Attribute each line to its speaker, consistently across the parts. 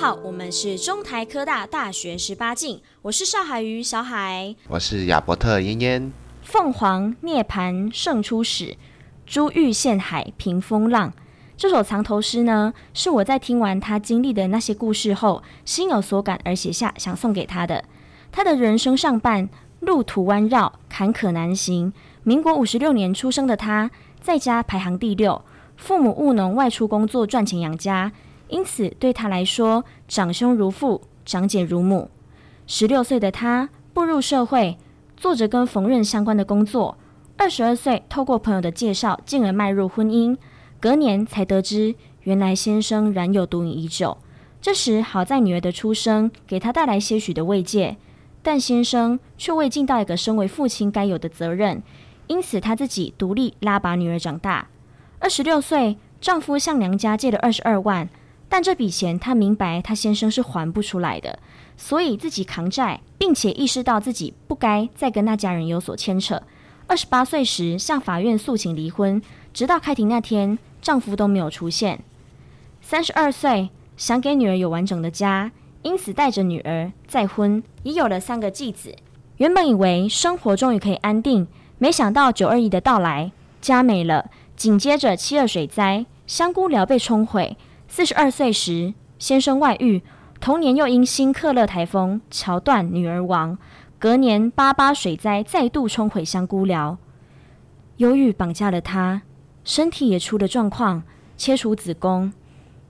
Speaker 1: 好，我們是中台科大大學十八鏡，我是邵海瑜小海，
Speaker 2: 我是亞伯特嫣嫣。
Speaker 1: 鳳凰涅槃勝出世，珠玉陷海平風浪。這首藏頭詩呢，是我在聽完他經歷的那些故事後，心有所感而寫下，想送給他的。他的人生上半路途彎繞，坎坷難行。民國五十六年出生的他，在家排行第六，父母務農，外出工作賺錢養家。因此，對她來說，長兄如父，長姐如母。十六歲的她步入社會，做着跟縫紉相關的工作。二十二歲，透過朋友的介紹，進而邁入婚姻。隔年才得知，原來先生染有毒癮已久。這時，好在女兒的出生給她帶來些許的慰藉，但先生卻未盡到一個身為父親該有的責任，因此她自己獨立拉拔女兒長大。二十六歲，丈夫向娘家借了二十二萬。但這筆錢，她明白她先生是還不出來的，所以自己扛債，並且意識到自己不該再跟那家人有所牽扯。二十八歲時，向法院訴請離婚，直到開庭那天，丈夫都沒有出現。三十二歲，想給女兒有完整的家，因此帶着女兒再婚，已有了三個繼子。原本以為生活終於可以安定，沒想到九二一的到來，家沒了。緊接着七二水災，香菇寮被沖毀。四十二歲時，先生外遇，同年又因辛樂克颱風橋斷，女兒亡。隔年八八水災再度沖毀香菇寮，憂鬱綁架了她，身體也出了狀況，切除子宮，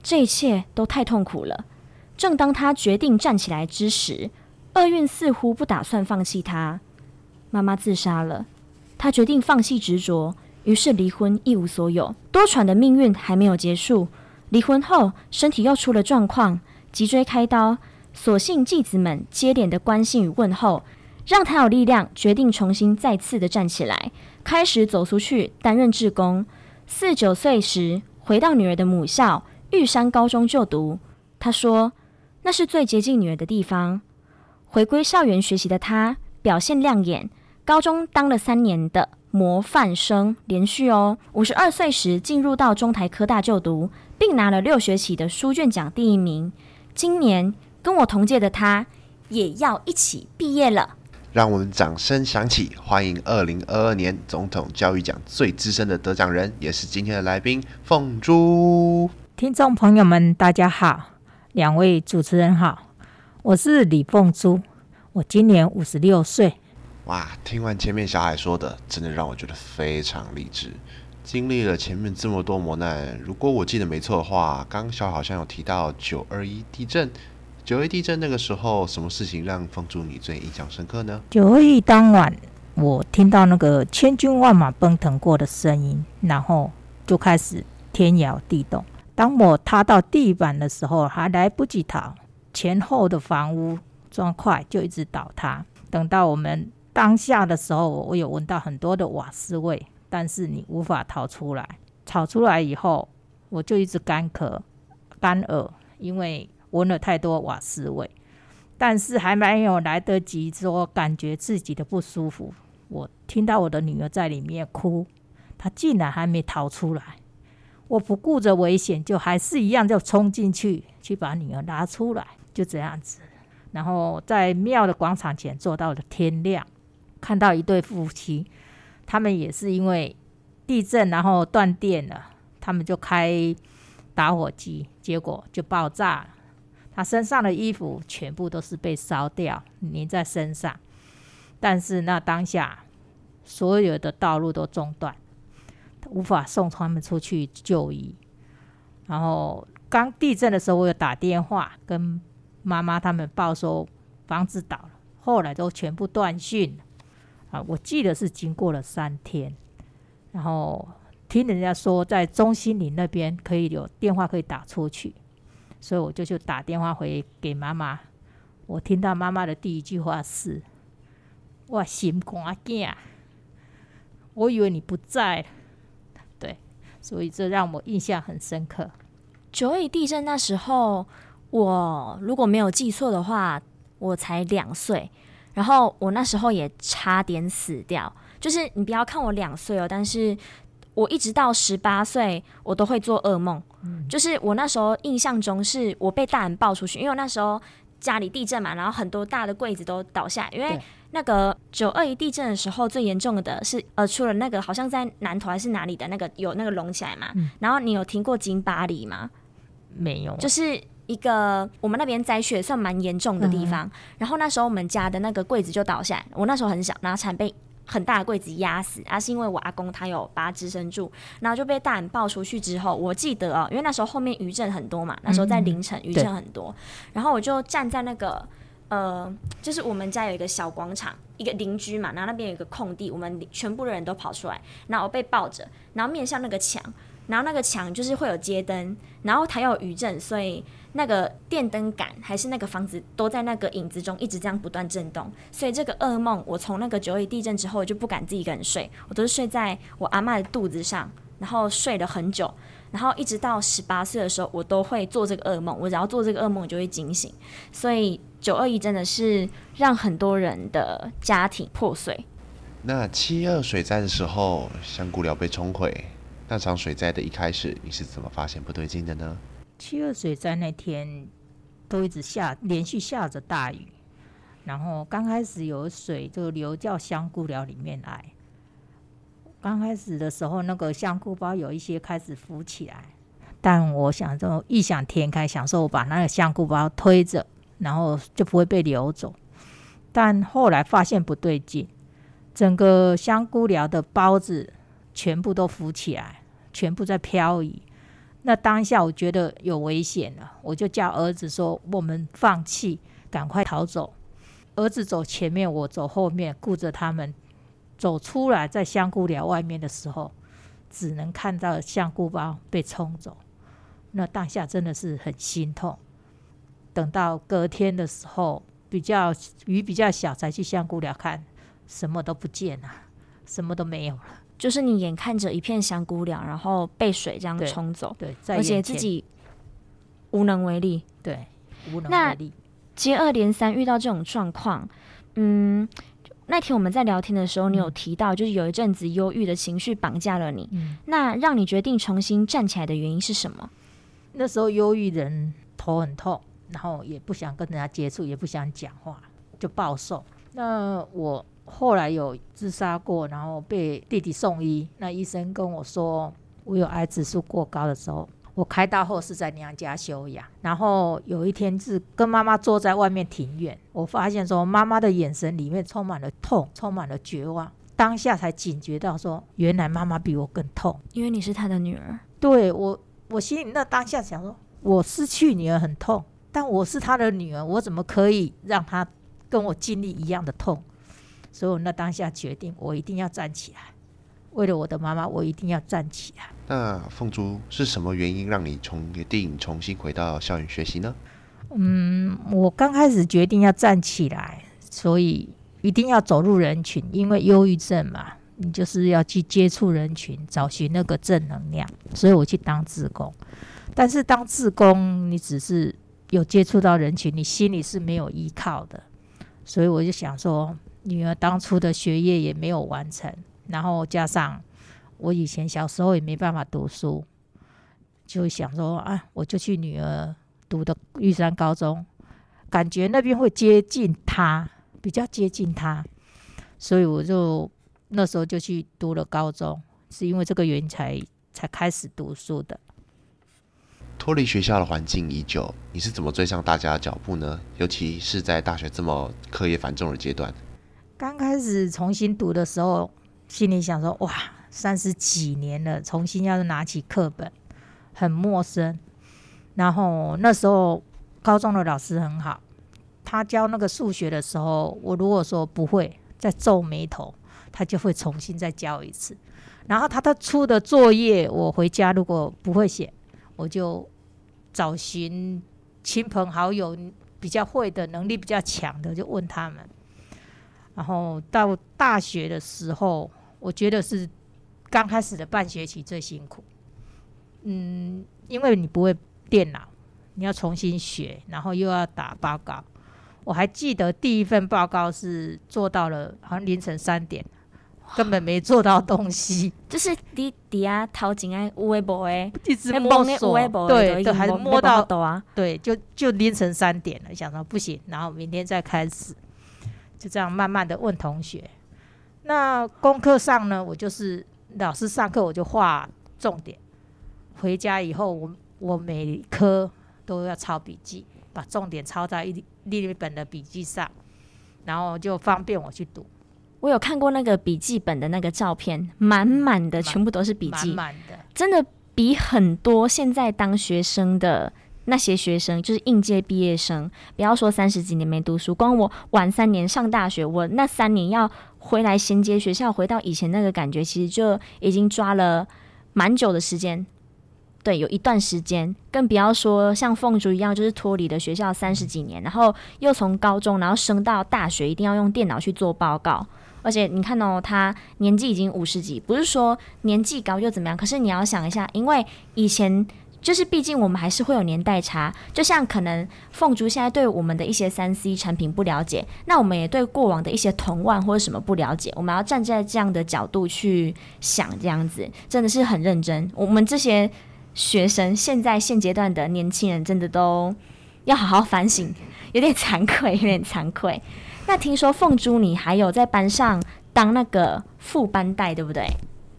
Speaker 1: 這一切都太痛苦了。正當她決定站起來之時，厄運似乎不打算放棄她。媽媽自殺了，她決定放棄執着，於是離婚，一無所有。多舛的命運還沒有結束。離婚後，身體又出了狀況，脊椎開刀。所幸繼子們接連的關心與問候，讓她有力量決定重新再次的站起來，開始走出去擔任志工。四九歲時回到女兒的母校玉山高中就讀，她說那是最接近女兒的地方。回歸校園學習的她表現亮眼，高中當了三年的模範生，連續哦。五十二歲時進入到中台科大就讀。並拿了六學期的書卷獎第一名。今年跟我同屆的他，也要一起畢業了。
Speaker 2: 讓我們掌聲響起，歡迎二零二二年總統教育獎最資深的得獎人，也是今天的來賓鳳珠。
Speaker 3: 聽眾朋友們，大家好，兩位主持人好，我是李鳳珠，我今年五十六歲。
Speaker 2: 哇，聽完前面小孩說的，真的讓我覺得非常勵志。經歷了前面這麼多磨難，如果我記得沒錯的話，剛小好像有提到九二一地震。九二一地震那個時候，什麼事情讓鳳珠你最印象深刻呢？
Speaker 3: 九二一當晚，我聽到那個千軍萬馬奔騰過的聲音，然後就開始天搖地動。當我踏到地板的時候，還來不及逃，前後的房屋磚塊就一直倒塌。等到我們當下的時候，我有聞到很多的瓦斯味。但是你無法逃出來，逃出來以後，我就一直乾咳、乾嘔，因為聞了太多瓦斯味。但是還沒有來得及說感覺自己的不舒服，我聽到我的女兒在裡面哭，她竟然還沒逃出來。我不顧着危險，就還是一樣就衝進去去把女兒拿出來，就這樣子。然後在廟的廣場前坐到了天亮，看到一對夫妻。他們也是因為地震，然後斷電了，他們就開打火機，結果就爆炸了。他身上的衣服全部都是被燒掉，黏在身上。但是那當下所有的道路都中斷，無法送他們出去就醫。然後剛地震的時候，我有打電話跟媽媽他們報說房子倒了，後來都全部斷訊了。啊，我記得是經過了三天，然後聽人家說在中心林那邊可以有電話可以打出去，所以我就去打電話回給媽媽。我聽到媽媽的第一句話是：“我心肝啊，我以為你不在。”對，所以這
Speaker 1: 讓我印象很深刻。九二一地震那時候，我如果沒有記錯的話，我才兩歲。然後我那時候也差點死掉，就是你不要看我兩歲哦，但是我一直到十八歲，我都會做噩夢、嗯。就是我那時候印象中，是我被大人抱出去，因為我那時候家裡地震嘛，然後很多大的櫃子都倒下。因為那個九二一地震的時候最嚴重的是，呃，出了那個好像在南投還是哪裡的那個有那個隆起來嘛、嗯。然後你有聽過金巴黎嗎？
Speaker 3: 沒有、啊。就是。
Speaker 1: 一個我們那邊災雪算蠻嚴重的地方、嗯，然後那時候我們家的那個櫃子就倒下來，我那時候很小，然後慘被很大的櫃子壓死。啊，是因為我阿公他有把它支撐住，然後就被大人抱出去之後，我記得啊、哦，因為那時候後面餘震很多嘛，嗯，那時候在凌晨餘震很多，然後我就站在那個呃，就是我們家有一個小廣場，一個鄰居嘛，然後那邊有一個空地，我們全部的人都跑出來，然後我被抱着，然後面向那個牆。然後那個牆就是會有街燈，然後它有餘震，所以那個電燈桿還是那個房子都在那個影子中一直這樣不斷震動。所以這個噩夢，我從那個九二一地震之後就不敢自己一個人睡，我都是睡在我阿嬤的肚子上，然後睡了很久，然後一直到十八歲的時候，我都會做這個噩夢，我只要做這個噩夢就會驚醒。所以九二一真的是讓很多人的家庭破碎。
Speaker 2: 那七二水災的時候，香菇寮被沖毀。那場水災的一開始，你是怎麼發現不對勁的呢？
Speaker 3: 七二水災那天，都一直下，連續下着大雨。然後剛開始有水就流到香菇寮裡面來。剛開始的時候，那個香菇包有一些開始浮起來，但我想說異想天開，想說我把那個香菇包推着，然後就不會被流走。但後來發現不對勁，整個香菇寮的包子全部都浮起來。全部在漂移，那當下我覺得有危險了，我就叫兒子說：“我們放棄，趕快逃走。”兒子走前面，我走後面，顧着他們。走出來在香菇寮外面的時候，只能看到香菇包被衝走。那當下真的是很心痛。等到隔天的時候，比較雨比較小，才去香菇寮看，什麼都不
Speaker 1: 見了，什麼都沒有了。就是你眼看着一片香菇糧，然後被水這樣沖走，對，對，而且自己無能為力，對，
Speaker 3: 無能為
Speaker 1: 力，那，接二連三遇到這種狀況，嗯，那天我們在聊天的時候，你有提到，就是有一陣子憂鬱的情緒綁架了你，嗯，那讓你決定重新站起來的原因是什麼？那時候憂鬱人頭很痛，然後也不想
Speaker 3: 跟人家接觸，也不想講話，就暴瘦。那我。後來有自殺過，然後被弟弟送醫。那醫生跟我說，我有癌指數過高的時候，我開刀後是在娘家休養。然後有一天是跟媽媽坐在外面庭院，我發現說媽媽的眼神裡面充滿了痛，充滿了絕望。當下才警覺到說，原來媽媽比我更痛，因為你是她的女兒。對，我，我心裡那當下想說，我失去女兒很痛，但我是她的女兒，我怎麼可以讓她跟我經歷一樣的痛？所以，我那當下決定，我一定要站起來，為了我的媽媽，我一定要站起來。
Speaker 2: 那鳳珠是什麼原因讓你從電影重新回到校園學習呢？嗯，
Speaker 3: 我剛開始決定要站起來，所以一定要走入人群，因為憂鬱症嘛，你就是要去接觸人群，找尋那個正能量。所以我去當志工，但是當志工，你只是有接觸到人群，你心裡是沒有依靠的，所以我就想說。女兒當初的學業也沒有完成，然後加上我以前小時候也沒辦法讀書，就想說啊、哎，我就去女兒讀的玉山高中，感覺那邊會接近她，比較接近她，所以我就那時候就去讀了高中，是因為這個原因才才開始讀書
Speaker 2: 的。脫離學校的環境已久，你是怎麼追上大家的腳步呢？尤其是在大學這麼課業繁重的階段。
Speaker 3: 剛開始重新讀的時候，心裡想說：“哇，三十幾年了，重新要拿起課本，很陌生。”然後那時候高中的老師很好，他教那個數學的時候，我如果說不會，再皺眉頭，他就會重新再教一次。然後他的出的作業，我回家如果不會寫，我就找尋親朋好友比較會的、能力比較強的，就問他們。然後到大學的時候，我覺得是剛開始的半學期最辛苦。嗯，因為你不會電腦，你要重新學，然後又要打報告。我還記得第一份報告是做到了好像凌晨三點，根本沒做到東西。
Speaker 1: 就是底底啊掏井眼烏龜波哎，一直摸索，對，還是摸到的
Speaker 3: 啊？對，就就凌晨三點了，想說不行，然後明天再開始。就這樣慢慢的問同學，那功課上呢？我就是老師上課我就畫重點，回家以後我我每科都要抄筆記，把重點抄在一筆記本的筆記上，然後就方便我去讀。
Speaker 1: 我有看過那個筆記本的那個照片，滿滿的全部都是筆記滿滿的，真的比很多現在當學生的。那些學生就是應屆畢業生，不要說三十幾年沒讀書，光我晚三年上大學，我那三年要回來銜接學校，回到以前那個感覺，其實就已經抓了蠻久的時間。對，有一段時間，更不要說像鳳珠一樣，就是脫離的學校三十幾年，然後又從高中然後升到大學，一定要用電腦去做報告，而且你看哦，他年紀已經五十幾，不是說年紀高又怎麼樣，可是你要想一下，因為以前。就是，畢竟我們還是會有年代差，就像可能鳳珠現在對我們的一些三 C 產品不了解，那我們也對過往的一些童玩或者什麼不了解，我們要站在這樣的角度去想，這樣子真的是很認真。我們這些學生現在現階段的年輕人，真的都要好好反省，有點慚愧，有點慚愧。那聽說鳳珠你還有在班上當那個副班代，對不對？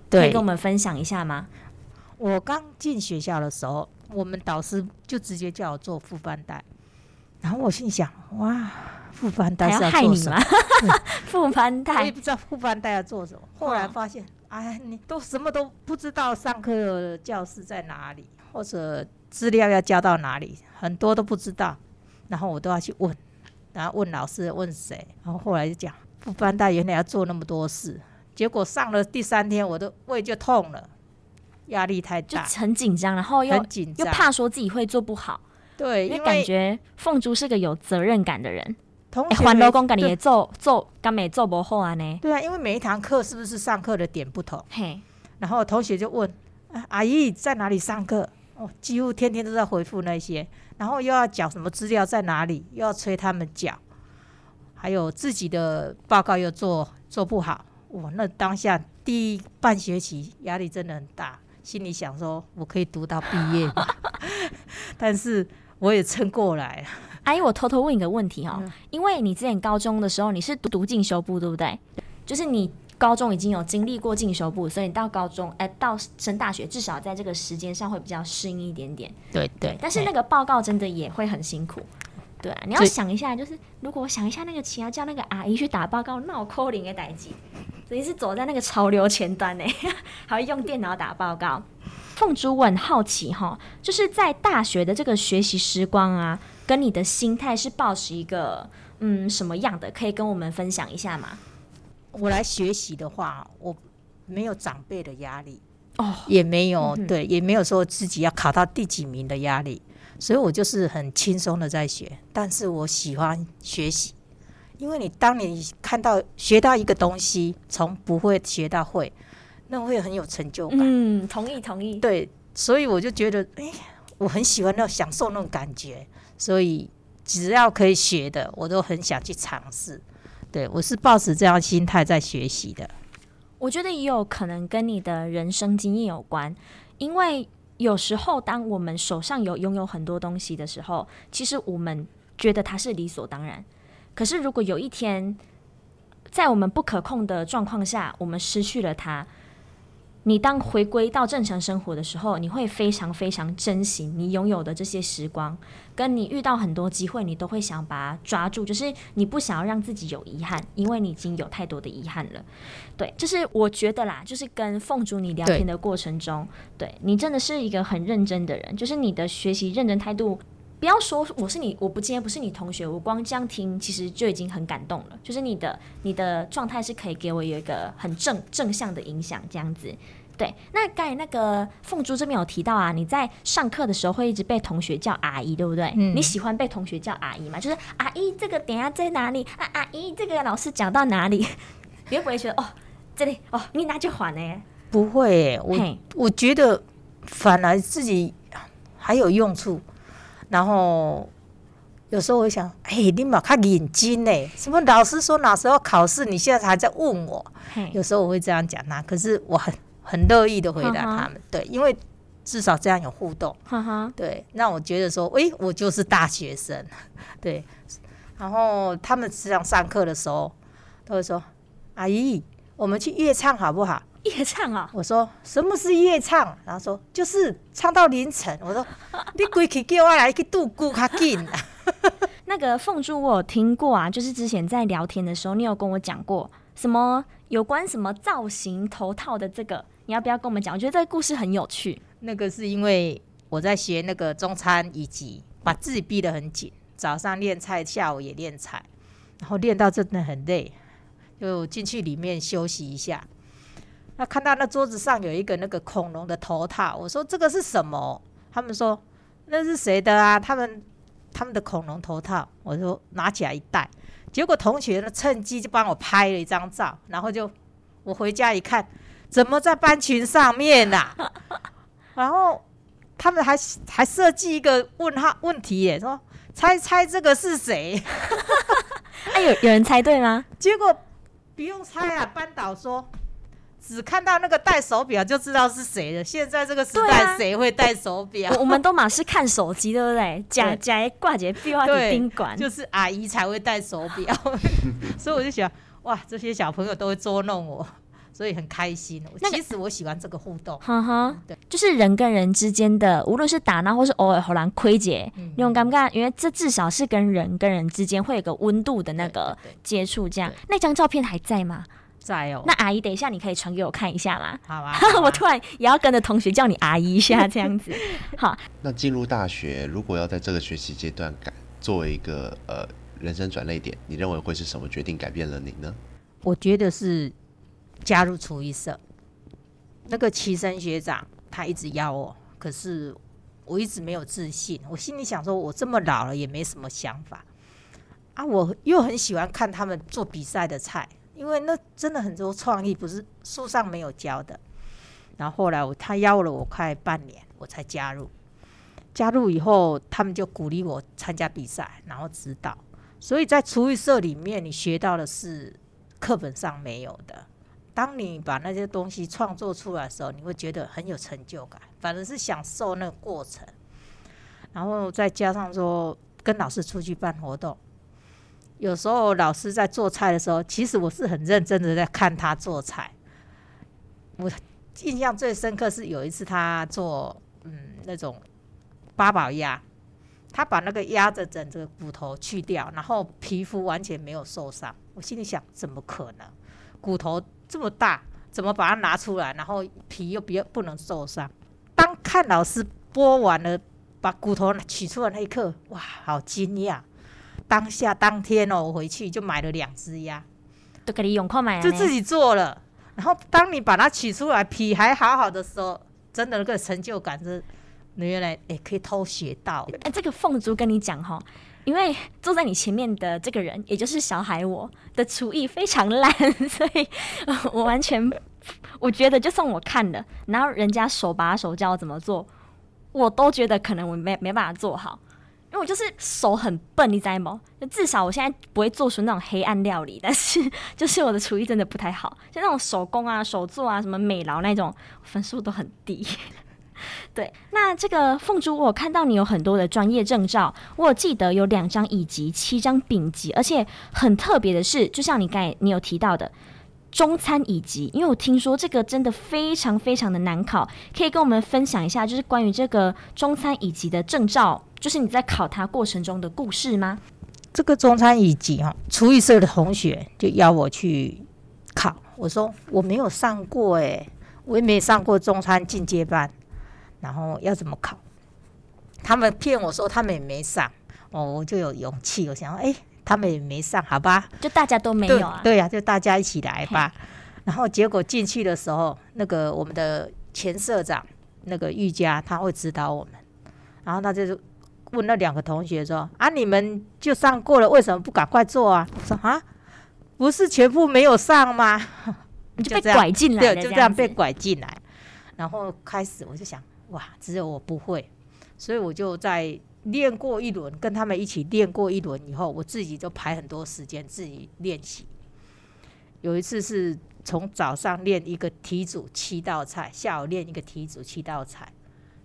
Speaker 3: 對，可以跟我們
Speaker 1: 分享一下嗎？我剛進
Speaker 3: 學校的時候，我們導師就直接叫我做副班代，然後我心想：哇，副班代是要做什麼？你 副班代，我也不知道副班代要做什麼。後來發現，wow. 哎，你都什麼都不知道，上課教室在哪裡，或者資料要交到哪裡，很多都不知道。然後我都要去問，然後問老師問誰。然後後來就講，副班代原來要做那麼多事，結果上了第三天，我的胃就痛了。壓力太大，很緊
Speaker 1: 張，然後又，很緊張，又怕說自己會做不好，對，因為，因為感覺鳳珠是個有責任感的人。同學，換老公，家裡做做，甘咪做，做不好啊？呢，對啊，因為每一堂
Speaker 3: 課是不是上課的點不同？嘿、hey，然後同學就問：“啊、阿姨在哪裡上課？”幾乎天天都在回復那些，然後又要講什麼資料在哪裡，又要催他們講，還有自己的報告又做做不好，哇，那當下第一半學期壓力真的很大。心裡想說，我可以讀
Speaker 1: 到畢業， 但是我也撐過來。 阿姨，我偷偷問你一個問題哈，哦嗯，因為你之前高中的時候你是讀進修部，對不對，對？就是你高中已經有經歷過進修部，所以你到高中，誒、欸，到升大學至少在這個時間上會比較適應一點點。對，對對，但是那個報告真的也會很辛苦。欸嗯對啊，你要想一下，就是，是如果我想一下那個其要叫那個阿姨去打報告，腦科靈的代際，等於是走在那個潮流前端呢、欸。 還會用電腦打報告。鳳 珠，我很好奇哈，就是在大學的這個學習時光啊，跟你的心態是保持一個嗯什麼樣的？可以跟我們分享一下嗎？我來學習的話，我沒有長輩的壓力。
Speaker 3: 也沒有、嗯，對，也沒有說自己要考到第幾名的壓力，所以我就是很輕鬆的在學。但是我喜歡學習，因為你當你看到學到一個東西，從不會學到會，那會很有成就感。嗯，同意，同意，對。所以我就覺得，哎、欸，我很喜歡那享受那種感覺。所以只要可以學的，我都很想去嘗試。對，我是抱持這樣心態在學習的。
Speaker 1: 我覺得也有可能跟你的人生經驗有關，因為有時候當我們手上有擁有很多東西的時候，其實我們覺得它是理所當然。可是如果有一天，在我們不可控的狀況下，我們失去了它。你當回歸到正常生活的時候，你會非常非常珍惜你擁有的這些時光，跟你遇到很多機會，你都會想把它抓住，就是你不想要讓自己有遺憾，因為你已經有太多的遺憾了。對，就是我覺得啦，就是跟鳳珠你聊天的過程中，對，對，你真的是一個很認真的人，就是你的學習認真態度。不要說我是你，我不今天不是你同學，我光這樣聽，其實就已經很感動了。就是你的你的狀態是可以給我有一個很正正向的影響，這樣子。對，那剛才那個鳳珠這邊有提到啊，你在上課的時候會一直被同學叫阿姨，對不對？嗯、你喜歡被同學叫阿姨嗎？就是阿姨，這個點在哪裡？啊，阿姨，這個老師講到哪裡？別回去會哦，這裡哦，你拿就還呢？
Speaker 3: 不會、欸，我我覺得反而自己還有用處。然後有時候我會想，哎、欸，你別看眼睛呢，什麼老師說哪時候考試，你現在還在問我。有時候我會這樣講他。啊，可是我很很樂意的回答他們呵呵，對，因為至少這樣有互動。哈哈，對，那我覺得說，哎、欸，我就是大學生，對。然後他們實際上上課的時候，都會說，阿姨，我們去夜唱好不好？夜唱啊！我說什麼是夜唱？然後說就是唱到
Speaker 1: 凌晨。我說你鬼去給我來去讀冊卡緊啊。那個鳳珠我有聽過啊，就是之前在聊天的時候，你有跟我講過什麼有關什麼造型頭套的這個，你要不要跟我們講？我覺得這個故事很有趣。那個是因為
Speaker 3: 我在學那個中餐，以及把自己逼得很緊。早上練菜，下午也練菜，然後練到真的很累，就進去裡面休息一下。他看到那桌子上有一個那個恐龍的頭套，我說，這個是什麼？他們說那是誰的啊？他們他們的恐龍頭套，我說拿起來一戴，結果同學呢趁，機就幫我拍了一張照，然後就我回家一看，怎麼在班群上面啊？然後他們還還設計一個問號問題耶，說猜猜這個是誰？
Speaker 1: 哎、 啊，有有人猜對嗎？
Speaker 3: 結果不用猜啊，班導說。只看到那個戴手錶就知道是誰了。現在這個時代誰、啊，誰 會戴手錶？我們都
Speaker 1: 馬是看手機，對不對？假假掛假丟到賓館，就是
Speaker 3: 阿姨才會戴手錶。 所以我就想，哇，這些小朋友都會捉弄我，所以很開心。那個，其實我喜歡這個互動，
Speaker 1: 哈哈，對，就是人跟人之間的，無論是打鬧或是偶爾好難窺解，你有感不感？因為這至少是跟人跟人之間會有個溫度的那個接觸。這樣，對對對對，那張照片還在嗎？在哦，那阿姨，等一下你可以傳給我看一下嗎？好啊，好啊 我突然也要跟着同學叫你阿姨一下，這樣子。 好，
Speaker 2: 那進入大學，如果要在這個學習階段改作為一個呃人生轉捩點，你認為會是什麼決定改變了你呢？
Speaker 3: 我覺得是加入廚藝社。那個齊生學長他一直邀我，可是我一直沒有自信。我心裡想說，我這麼老了也沒什麼想法啊，我又很喜歡看他們做比賽的菜。因為那真的很多創意不是書上沒有教的。然後後來他邀了我快半年，我才加入。加入以後，他們就鼓勵我參加比賽，然後指導。所以在廚藝社裡面，你學到的是課本上沒有的。當你把那些東西創作出來的時候，你會覺得很有成就感，反正是享受那個過程。然後再加上說跟老師出去辦活動。有時候老師在做菜的時候，其實我是很認真的在看他做菜。我印象最深刻是有一次他做嗯那種八寶鴨，他把那個鴨子整個骨頭去掉，然後皮膚完全沒有受傷。我心裡想，怎麼可能？骨頭這麼大，怎麼把它拿出來？然後皮又不要不能受傷。當看老師剝完了把骨頭取出來那一刻，哇，好驚訝！當下當天哦、喔，我回去就買了兩隻鴨，都給你用快賣了，就自己做了。然後當你把它取出來，皮還好好的時候，真的那個成就感是，
Speaker 1: 你原來也、欸、可以偷學到。哎、欸，這個鳳珠跟你講哈，因為坐在你前面的這個人，也就是小孩，我的廚藝非常爛，所以我完全 我覺得就算我看了，然後人家手把手教我怎麼做，我都覺得可能我沒沒辦法做好。因為我就是手很笨，你知道嗎？就至少我現在不會做出那種黑暗料理，但是就是我的廚藝真的不太好，就那種手工啊、手做啊、什麼美勞那種分數都很低。 對，那這個鳳珠，我看到你有很多的專業證照，我記得有兩張乙級、七張丙級，而且很特別的是，就像你剛才你有提到的。中餐乙級，因為我聽說這個真的非常非常的難考，可以跟我們分享一下，就是關於這個中餐乙級的證照，就是你在考它過程中的故事嗎？這個
Speaker 3: 中餐乙級哦，廚藝社的同學就邀我去考，我說我沒有上過哎、欸，我也沒上過中餐進階班，然後要怎麼考？他們騙我說他們也沒上，哦，我就有勇氣，我想說哎。欸他們也沒上，好吧？就大家都沒有。啊。對呀、啊，就大家一起來吧。然後結果進去的時候，那個我們的前社長，那個瑜伽他會指導我們。然後他就是問那兩個同學說：“啊，你們就上過了，為什麼不趕快做啊？”我說：“啊，不是全部沒有上嗎？”你就被拐進來了，對，就這樣被拐進來。然後開始，我就想，哇，只有我不會，所以我就在。練過一輪，跟他們一起練過一輪以後，我自己就排很多時間自己練習。有一次是從早上練一個題組七道菜，下午練一個題組七道菜，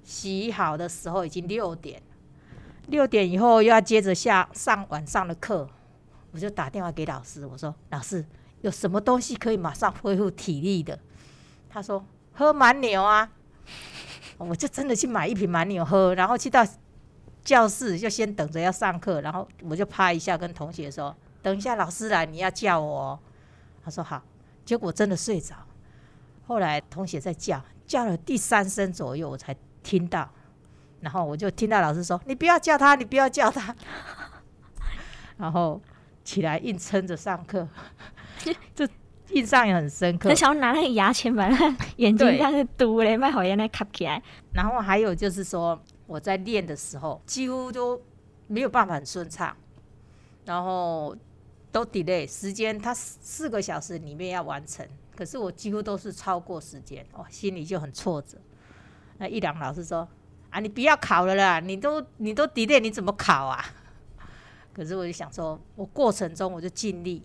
Speaker 3: 洗好的時候已經六點，六點以後又要接着下上晚上的課，我就打電話給老師，我說：“老師，有什麼東西可以馬上恢復體力的？”他說：“喝蠻牛啊！”我就真的去買一瓶蠻牛喝，然後去到。教室就先等着要上課，然後我就拍一下跟同學說：“等一下老師來，你要叫我。”他說：“好。”結果真的睡着。後來同學在叫，叫了第三聲左右我才聽到，然後我就聽到老師說：“你不要叫他，你不要叫他。 ”然後起來硬撐着上課，這 印象也很深刻。很想要拿那個牙籤把那眼睛這樣子堵嘞，麥好煙呢卡起來。然後還有就是說。我在練的時候，幾乎都沒有辦法很順暢，然後都 delay 時間，它四個小時裡面要完成，可是我幾乎都是超過時間，哇、哦，心裡就很挫折。那一良老師說：“啊，你不要考了啦，你都你都 delay，你怎麼考啊？”可是我就想說，我過程中我就盡力，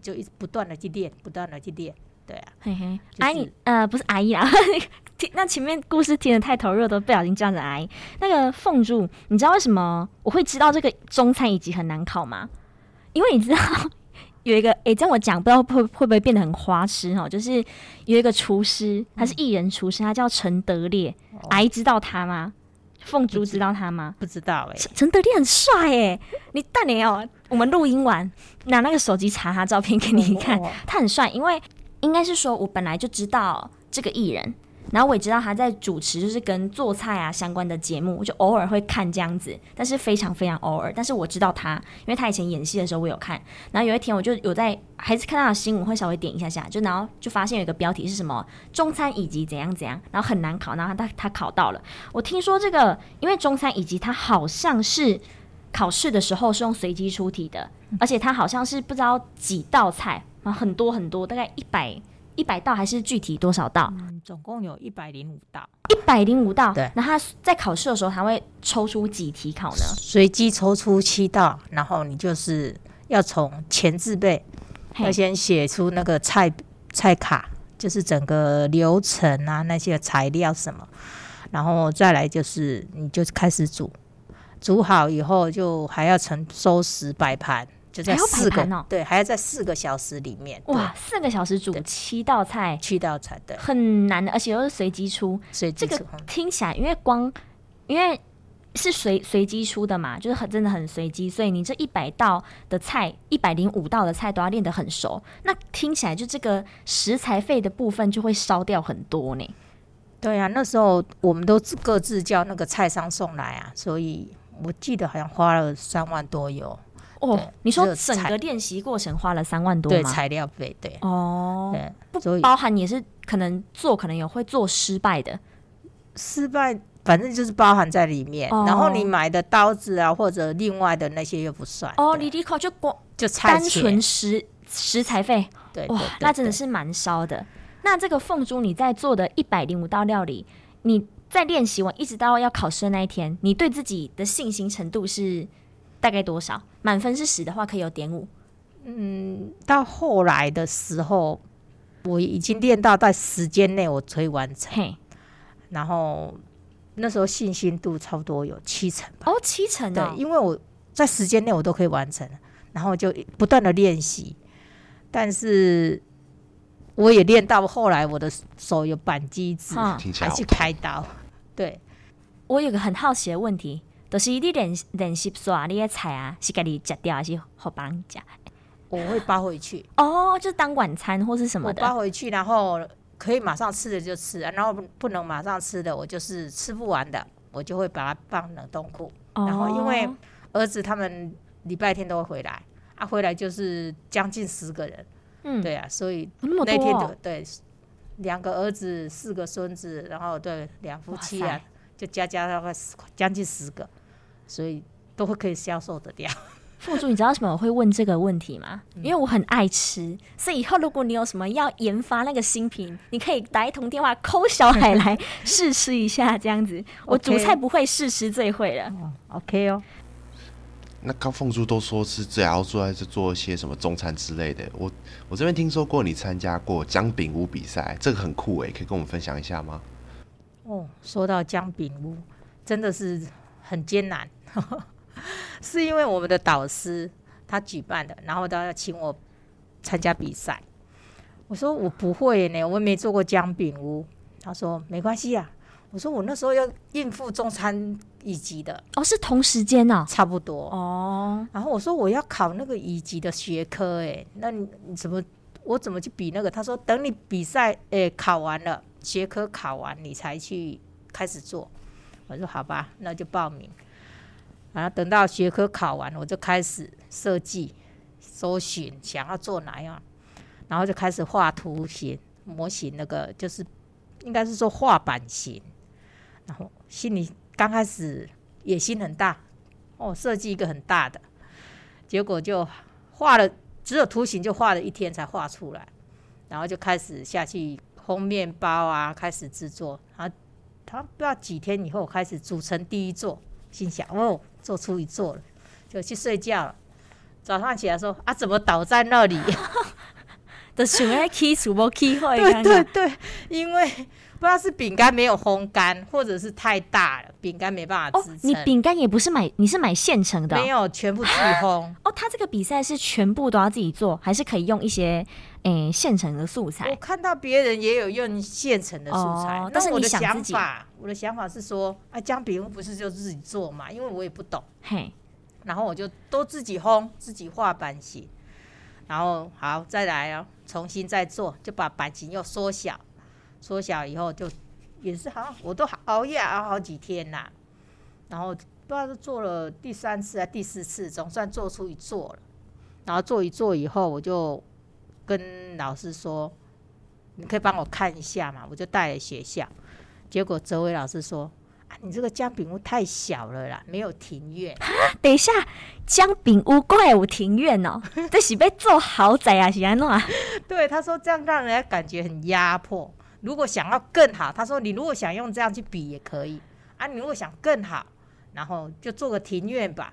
Speaker 3: 就一直不斷的去練，不斷的去練。
Speaker 1: 對啊，嘿嘿，哎、就是，呃，不是哎、啊，那前面故事聽得太投入，都不小心這樣子。哎。那個鳳珠，你知道為什麼我會知道這個中餐一級很難考嗎？因為你知道有一個，哎、欸，這樣我講，不知道會會不會變得很花痴哈、喔？就是有一個廚師，他是藝人廚師，他叫陳德烈，哎、嗯，知道他嗎？鳳珠知道他嗎？不知道哎、欸。陳德烈很帥哎、欸， 你但你要我們錄音完拿那個手機查他照片給你看，嗯嗯嗯、他很帥，因為。應該是說，我本來就知道這個藝人，然後我也知道他在主持，就是跟做菜啊相關的節目，我就偶爾會看這樣子，但是非常非常偶爾。但是我知道他，因為他以前演戲的時候我有看，然後有一天我就有在還是看到的新聞，我會稍微點一下下，就然後就發現有一個標題是什麼“中餐乙級怎樣怎樣”，然後很難考，然後他他考到了。我聽說這個，因為中餐乙級他好像是考試的時候是用隨機出題的，而且他好像是不知道幾道菜。啊，很多很多，大概一百一百道還是具體多少道？嗯，
Speaker 3: 總共有一百零五道，
Speaker 1: 一百零五道。對，那他在考試的時候，還會抽出幾題考呢？隨機抽出七道，然後你就是
Speaker 3: 要從前置備，要先寫出那個菜菜卡，就是整個流程啊，那些材料什麼，然後再來就是你就開始煮，煮好以後就還要從收拾擺盤。就在還要四個、哦、對，還要在四個小時裡面哇，
Speaker 1: 四個小時煮七道菜，七道菜對，很難的，而且又是隨機出，出。這個聽起來，因為光因為是隨隨機出的嘛，就是很真的很隨機，所以你這一百道的菜，一百零五道的菜都要練得很熟。那聽起來，就這個食材費的部分就會燒掉很多呢？對啊，那時候我們都各自叫那個
Speaker 3: 菜商送來啊，所以我記得好像花了三萬多油。
Speaker 1: 哦、oh，你說整個練習過程花了三萬多嗎？對，材料費對。哦、oh,，對，不包含也是可能做，可能有會做失敗的，失敗反正就是
Speaker 3: 包含在裡
Speaker 1: 面。Oh, 然後你買
Speaker 3: 的刀子啊，或者另外的那些又不算。哦、
Speaker 1: oh,，你離考就光就,就單純食食材費，對,對,對,對,對哇，那真的是蠻燒的。那這個鳳珠你在做的一百零五道料理，你在練習完一直到要考試的那一天，你對自己的信心程度是？大概多少？滿分是十的話，可以有點五。嗯，
Speaker 3: 到後來的時候，我已經練到在時間內我可以完成。嘿，然後那時候信心度差不多有七成吧。哦，七成哦。對，因為我在時間內我都可以完成，然後就不斷的練習。但是我也練到後
Speaker 1: 來，我的手有扳機指，還去開刀。對，我有個很好奇的問題。就是一滴人，人洗刷，你的菜啊，是該你吃掉啊，還是好幫剪。我會包回去哦，就當晚餐或是什麼的包回去，然後
Speaker 3: 可以馬上吃的就吃，然後不能馬上吃的，我就是吃不完的，我就會把它放冷凍庫、哦。然後因為兒子他們禮拜天都會回來啊，回來就是將近十個人、嗯，對啊，所以那天就、哦、對兩個兒子，四個孫子，然後對兩夫妻啊，就加加大概十將近十個。所以都會可以銷售得掉。
Speaker 1: 鳳珠，你知道為什麼我會問這個問題嗎？ 因為我很愛吃，嗯、所以以後如果你有什麼要研發那個新品，嗯、你可以打一通電話，摳小海來試 吃一下，這樣子， 我煮菜不會試吃最會了。Okay. OK 哦，
Speaker 2: 那高鳳珠都說是主要做在做一些什麼中餐之類的，我我這邊聽說過你參加過薑餅屋比賽，這個很酷哎、欸，可以跟我們分享一下嗎？
Speaker 3: 哦，說到薑餅屋，真的是很艱難。 是因為我們的導師他舉辦的，然後他要請我參加比賽。我說我不會呢，我也沒做過薑餅屋。他說沒關係啊。我說我那時候要應付中餐乙級的。哦，是同時間啊，差不多哦。然後我說我要考那個乙級的學科，哎，那你怎麼我怎麼去比那個？他說等你比賽，誒，考完了學科考完，你才去開始做。我說好吧，那就報名。然後等到學科考完，我就開始設計、搜尋，想要做哪樣，然後就開始畫圖形、模型，那個就是應該是說畫版型。然後心裡剛開始野心很大，哦，設計一個很大的，結果就畫了，只有圖形就畫了一天才畫出來。然後就開始下去烘麵包啊，開始製作。然後他不知道幾天以後開始組成第一座。心想哦，做出一座了，就去睡覺了。早上起來說啊，怎麼倒在那裡？都 想要起床，怎麼起不來？ 對對對， 因為。不知道是餅乾沒有烘乾，或者是太大了，餅乾沒辦法支撐。哦，你餅
Speaker 1: 乾也不是買，你是買現成的，哦，沒有全部自己烘。哦，他這個比賽是全部都要自己做，還是可以用一些誒、欸、現成的素材？我
Speaker 3: 看到別人也有用現成的素材。但，哦，是我的想法想，我的想法是說，啊，薑餅屋不是就自己做嘛？因為我也不懂，嘿，然後我就都自己烘，自己畫版型，然後好再來哦，重新再做，就把版型又縮小。縮小以後就，也是好像我都熬夜熬好好幾天啦，啊，然後不知道是做了第三次啊第四次，總算做出一座了。然後做一座以後，我就跟老師說：“你可以幫我看一下嘛。”我就帶來學校，結果周偉老師說：“啊，你這個薑餅屋
Speaker 1: 太小了啦，沒
Speaker 3: 有庭院，
Speaker 1: 啊。”等一下，薑餅屋怪物庭院哦， 這是要做豪宅啊，是安那？對，他說這樣讓人家感覺很壓
Speaker 3: 迫。如果想要更好，他說：“你如果想用這樣去比也可以啊，你如果想更好，然後就做個庭院吧。”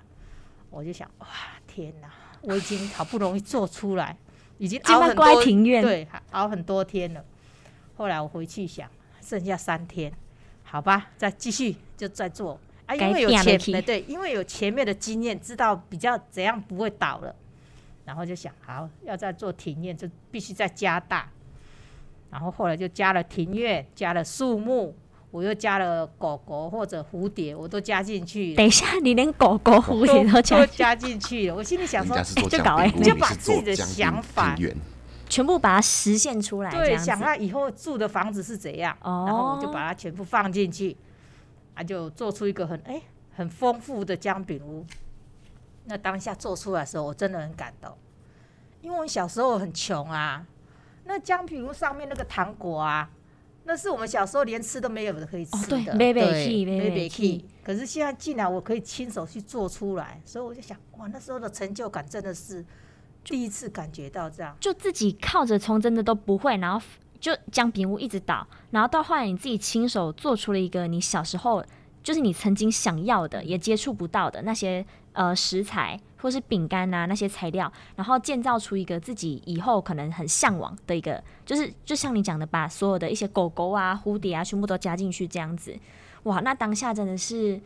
Speaker 3: 我就想，哇，天哪！我已經好不容易做出來，啊、已經熬很多庭院，對，熬很多天了。後來我回去想，剩下三天，好吧，再繼續，就再做。啊，因為有前面，對，因為有前面的經驗，知道比較怎樣不會倒了。然後就想，好，要再做庭院，就必須再加大。然後後來就加了庭院，加了樹木，我又加了狗狗或者蝴蝶，我都加進去。等一下，
Speaker 1: 你連狗狗、蝴蝶都加進都都加
Speaker 3: 進去了。我心裡想說，就搞哎，就把自己的想法，的
Speaker 1: 想法全部把它實現出來。對，想啊，
Speaker 3: 以後住的房子是怎樣、哦？然後我就把它全部放進去，啊，就做出一個很哎、欸、很豐富的薑餅屋。那當下做出來的時候，我真的很感動，因為我小時候很窮啊。那薑餅屋上面那個糖果啊，那是我們小時候連吃都沒有的，可以吃的，哦、對，買不起，對，買不起。可是現在竟然我可以親手去做出來，所以我就想，哇，那時候的成就感真的是
Speaker 1: 第一次感覺到這樣。就自己靠着從真的都不會，然後就薑餅屋一直倒，然後到後來你自己親手做出了一個你小時候就是你曾經想要的也接觸不到的那些、呃、食材。或是餅乾啊，那些材料，然後建造出一個自己以後可能很嚮往的一個，就是就像你講的吧，把所有的一些狗狗啊、蝴蝶啊，全部都加進去這樣子。哇，那當下真的是，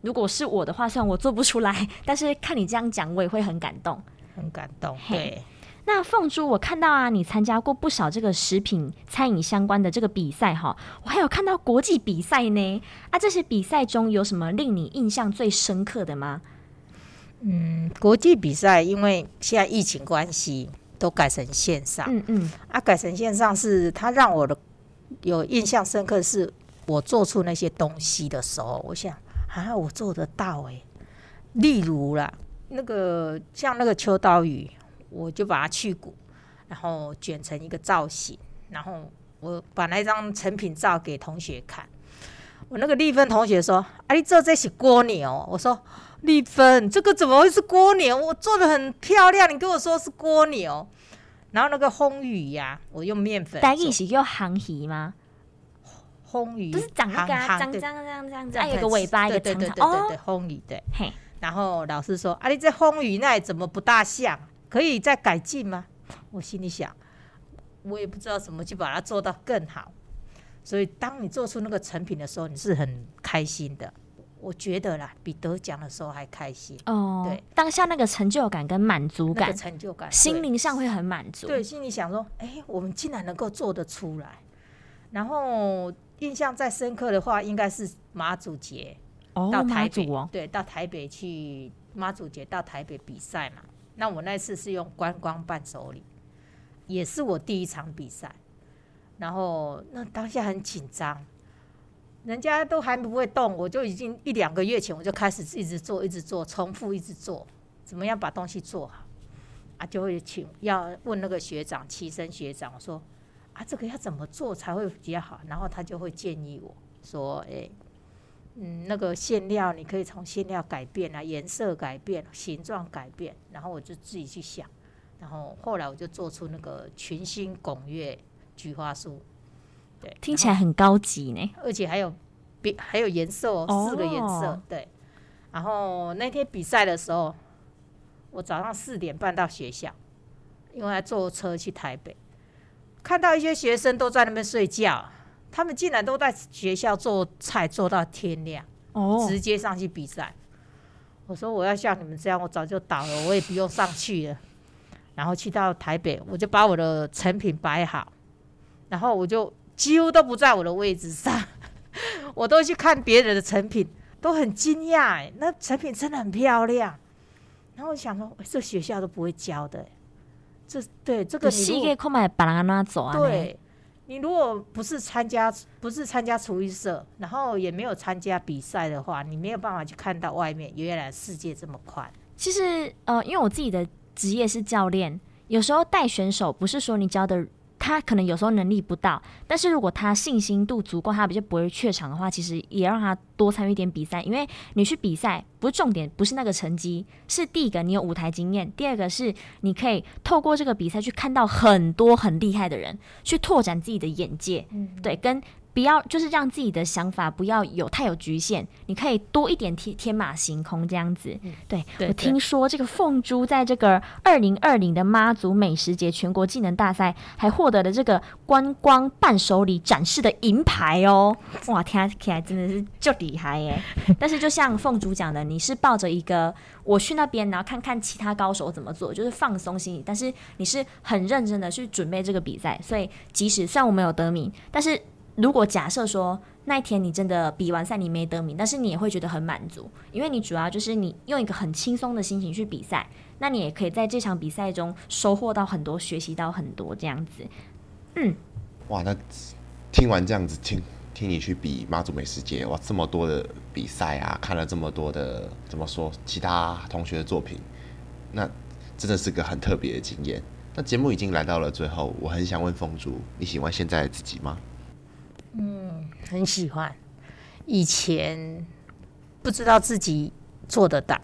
Speaker 1: 如果是我的話，雖然我做不出來，但是看你這樣講，我也會很感動，很感動。對，hey, 那鳳珠，我看到啊，你參加過不少這個食品餐飲相關的這個比賽哈，我還有看到國際比賽呢。啊，這些比賽中有什麼令你印象最深刻的嗎？
Speaker 3: 嗯，國際比賽因為現在疫情關係都改成線上。嗯嗯。啊，改成線上是它讓我的有印象深刻，是我做出那些東西的時候，我想啊，我做得到哎、欸。例如啦，那個像那個秋刀魚，我就把它去骨，然後捲成一個造型，然後我把那張成品照給同學看。我那個麗芬同學說：“啊、你做這些蝸牛哦。”我說。麗芬，這個怎麼會是蝸牛？我做的很漂亮，你跟我說是蝸牛。然後那個魟魚呀、啊，我用麵粉，但一是用魟魚嗎？魟魚不是長那個、啊，張張張這樣子，樣樣樣
Speaker 1: 樣有個尾巴，一個長，長對對對對對對對哦，
Speaker 3: 魟魚對。嘿，然後老師說：“啊，你在魟魚那裡怎麼不大像？可以再改進嗎？”我心裡想，我也不知道怎麼去把它做到更好。所以，當你做出那個成品的時候，你是很開心的。我
Speaker 1: 覺得啦，比得獎的時候還開心哦。Oh, 對，當下那個成就感跟滿足感，那個、成就感，心靈上會很滿足對。對，
Speaker 3: 心裡想說，哎、欸，我們竟然能夠做得出來。然後印象再深刻的話，應該是馬祖節哦
Speaker 2: ，oh, 到台北、哦，對，
Speaker 3: 到台北去馬祖節，到台北比賽嘛。那我那次是用觀光伴手禮，也是我第一場比賽。然後那當下很緊張。人家都還不會動，我就已經一兩個月前我就開始一直做，一直做，重複一直做，怎麼樣把東西做好啊？就會請要問那個學長，齊生學長說啊，這個要怎麼做才會比較好？然後他就會建議我說，哎、欸，嗯，那個餡料你可以從餡料改變啊，顏色改變，形狀改變，然後我就自己去想，然後後來我就做出那個群星拱月菊花酥。
Speaker 1: 對，聽起來很高級呢、欸！
Speaker 3: 而且還有，比還有顏色，四個顏色。Oh. 對，然後那天比賽的時候，我早上四點半到學校，因為還坐車去台北。看到一些學生都在那邊睡覺，他們竟然都在學校做菜做到天亮。哦、oh.，直接上去比賽。我說我要像你們這樣，我早就倒了，我也不用上去了。然後去到台北，我就把我的成品擺好，然後我就。幾乎都不在我的位置上， 我都去看別人的成品，都很驚訝哎，那成品真的很漂亮。然後我想說，欸、這學校都不會教的，這對這個你世界空
Speaker 1: 白，把人家拿走啊？對
Speaker 3: 你如果不是參加，不是參加廚藝社，然後也沒有參加比賽的話，你沒有辦法去看到外面原來世界這麼寬。
Speaker 1: 其實呃，因為我自己的職業是教練，有時候帶選手，不是說你教的。他可能有時候能力不到，但是如果他信心度足夠，他比較不會怯場的話，其實也讓他多參與點比賽。因為你去比賽，不是重點，不是那個成績，是第一個你有舞台經驗，第二個是你可以透過這個比賽去看到很多很厲害的人，去拓展自己的眼界。嗯，對，跟。不要，就是讓自己的想法不要有太有侷限。你可以多一點天天馬行空這樣子。嗯、對，對，對，對，我聽說這個鳳珠在這個二零二零的媽祖美食節全國技能大賽還獲得了這個觀光伴手禮展示的銀牌哦。哇，天，天真的是就厲害耶！ 但是就像鳳珠講的，你是抱着一個我去那邊，然後看看其他高手怎麼做，就是放鬆心。但是你是很認真的去準備這個比賽，所以即使雖然我沒有得名，但是。如果假設說那一天你真的比完賽，你沒得名，但是你也會覺得很滿足，因為你主要就是你用一個很輕鬆的心情去比賽，那你也可以在這場比賽中收穫到很多，學習到很多這樣子。
Speaker 2: 嗯，哇，那聽完這樣子，聽聽你去比媽祖美食節，哇，這麼多的比賽啊，看了這麼多的，怎麼說其他同學的作品，那真的是個很特別的經驗。那節目已經來到了最後，我很想問鳳珠，你喜歡現在的自己嗎？
Speaker 3: 很喜歡，以前不知道自己做得到，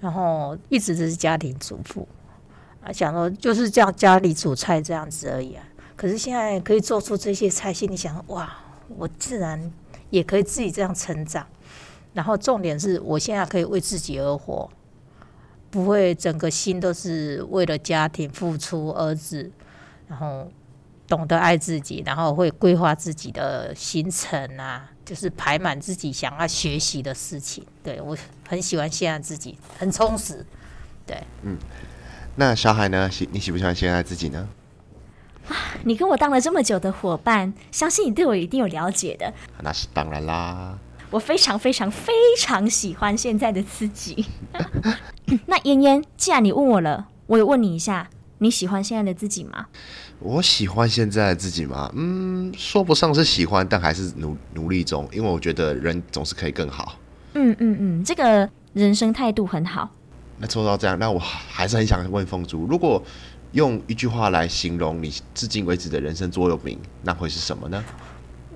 Speaker 3: 然後一直都是家庭主婦啊，想說就是這樣家裡煮菜這樣子而已啊。可是現在可以做出這些菜，心裡想哇，我自然也可以自己這樣成長。然後重點是我現在可以為自己而活，不會整個心都是為了家庭付出兒子，然後。懂得愛自己，然後會規劃自己的行程啊，就是排滿自己想要學習的事情。對，我很喜歡現在自己，很充實。對，嗯，
Speaker 2: 那小海呢？喜你喜不喜歡現在自己呢？
Speaker 1: 啊，你跟我當了這麼久的夥伴，相信你對我一定有了解的。
Speaker 2: 那是當然啦，
Speaker 1: 我非常非常非常喜歡現在的自己。 那嫣嫣，既然你問我了，我也問你一下。你喜歡現在的自己嗎？
Speaker 2: 我喜歡現在的自己嗎？嗯，說不上是喜歡，但還是努努力中，因為我覺得人總是可以更好。
Speaker 1: 嗯嗯嗯，這個人生態度很好。
Speaker 2: 那說到這樣，那我還是很想問鳳珠，如果用一句話來形容你至今為止的人生座右銘，那會是什麼呢？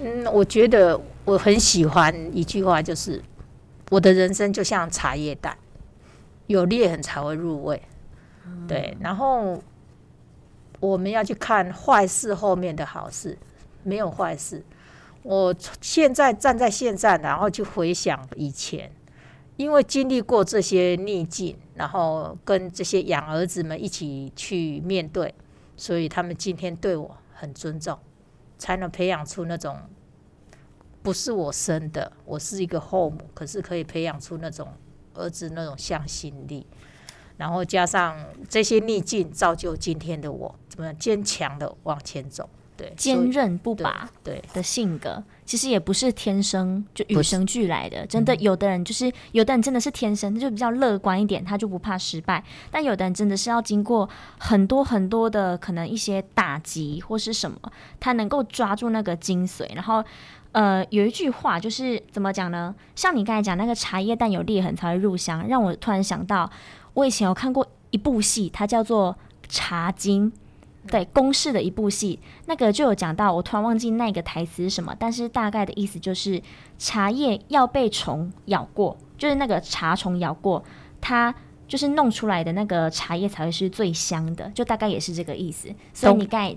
Speaker 2: 嗯，
Speaker 3: 我覺得我很喜歡一句話，就是我的人生就像茶葉蛋，有裂痕才會入味。對，然後我們要去看壞事後面的好事，沒有壞事。我現在站在現在，然後就回想以前，因為經歷過這些逆境，然後跟這些養兒子們一起去面對，所以他們今天對我很尊重，才能培養出那種不是我生的，我是一個後母，可是可以培養出那種兒子那種向心力。然後加上這些逆境，造就今天的我，怎麼樣堅強的往前走。對，對對堅韌不拔，
Speaker 1: 對的性格，其實也不是天生就與生俱來的。真的，有的人就是、嗯、有的人真的是天生，他就比較樂觀一點，他就不怕失敗。但有的人真的是要經過很多很多的可能一些打擊或是什麼，他能夠抓住那個精髓。然後，呃，有一句話就是怎麼講呢？像你剛才講那個茶葉蛋，有裂痕才會入香，讓我突然想到。我以前有看過一部戲，它叫做《茶金》，對，公視的一部戲，那個就有講到，我突然忘記那個台詞是什麼，但是大概的意思就是茶葉要被蟲咬過，就是那個茶蟲咬過，它就是弄出來的那個茶葉才會是最香的，就大概也是這個意思。所以你蓋。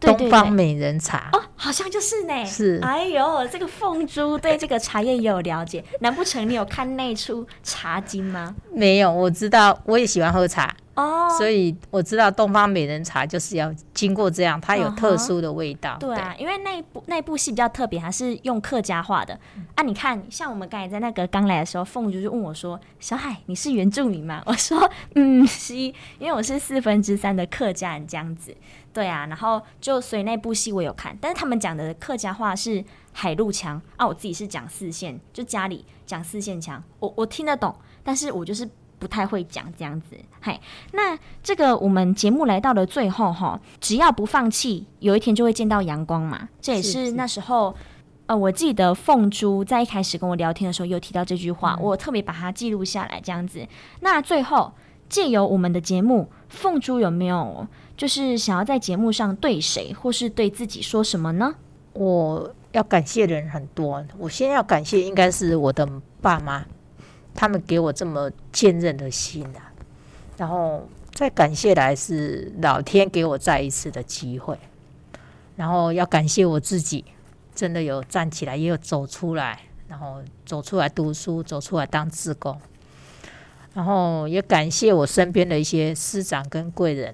Speaker 3: 對對對。東方美
Speaker 1: 人茶哦，好像就是呢。是，哎呦，這個鳳珠對這個茶葉也有了解。 難不成你有看那出《茶經》嗎？
Speaker 3: 沒有，我知道，我也喜歡喝茶哦。所以我知道東方美人茶就是要經過這樣，它有特殊的味道。哦、對，對啊，
Speaker 1: 因為那一部那一部戲比較特別，它是用客家話的、嗯、啊。你看，像我們剛才在那個剛來的時候，鳳珠就問我說：“小海，你是原住民嗎？”我說：“嗯，是，因為我是四分之三的客家人這樣子。”對啊，然後就所以那部戲我有看，但是他們講的客家話是海陸腔啊，我自己是講四縣，就家裡講四縣腔。我我聽得懂，但是我就是不太會講這樣子。嗨，那這個我們節目來到了最後哈，只要不放棄，有一天就會見到陽光嘛。這也是那時候是是呃，我記得鳳珠在一開始跟我聊天的時候又有提到這句話，嗯、我特別把它記錄下來這樣子。那最後借由我們的節目，鳳珠有沒有？就是想要在節目上對誰，或是對自己說什麼呢？我要感謝的人很多。我先要感謝應該是我的爸媽，
Speaker 3: 他們給我這麼堅韌的心啊，然後再感謝來是老天給我再一次的機會。然後要感謝我自己，真的有站起來，也有走出來，然後走出來讀書，走出來當志工。然後也感謝我身邊的一些師長跟貴人。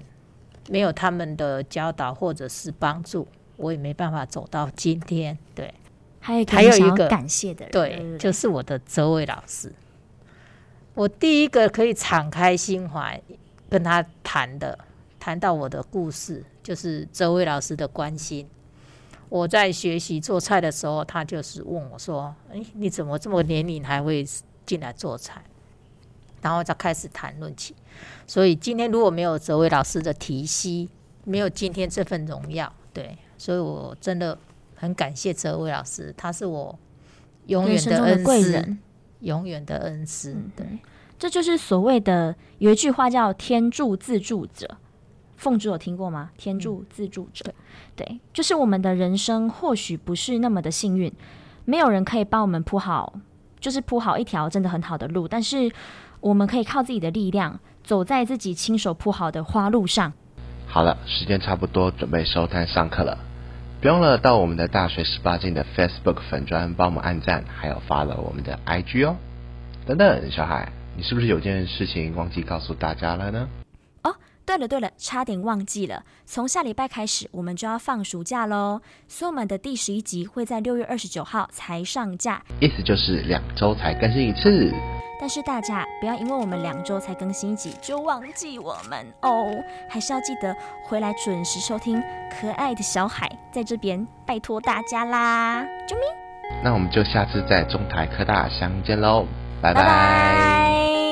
Speaker 3: 沒有他們的教導，或者是幫助，我也沒辦法走到今天。對，還有還有一個感謝的人，對，對，對，就是我的周偉老師。我第一個可以敞開心懷跟他談的，談到我的故事，就是周偉老師的關心。我在學習做菜的時候，他就是問我說：“誒，你怎麼這麼年齡還會進來做菜？”然後再開始談論起，所以今天如果沒有澤偉老師的提攜，沒有今天這份榮耀，對，所以我真的很感謝澤偉老師，他是我永遠的恩師，永遠
Speaker 1: 的恩師、嗯。對，這就是所謂的有一句話叫“天助自助者”，鳳珠有聽過嗎？“天助自助者、嗯對”，對，就是我們的人生或許不是那麼的幸運，沒有人可以幫我們鋪好，就是鋪好一條真的很好的路，但是。我們可以靠自己的力量，走在自己親手鋪好的花路上。
Speaker 2: 好了，時間差不多，準備收攤上課了。不用了，到我們的大學十八鏡的 Facebook 粉專，幫我們按讚，還有 follow 我們的 IG 哦。等等，小海，你是不是有件事情忘記告訴大家了呢？
Speaker 1: 對了對了，差點忘記了，從下禮拜開始我們就要放暑假嘍，所以我們的第十一集會在六月二十九號才上架，
Speaker 2: 意思就是兩周才更新一次。
Speaker 1: 但是大家不要因為我們兩周才更新一集就忘記我們哦，還是要記得回來準時收聽可愛的小海在這邊拜託大家啦，救命！
Speaker 2: 那我們就下次在中台科大相見嘍，拜拜。拜拜。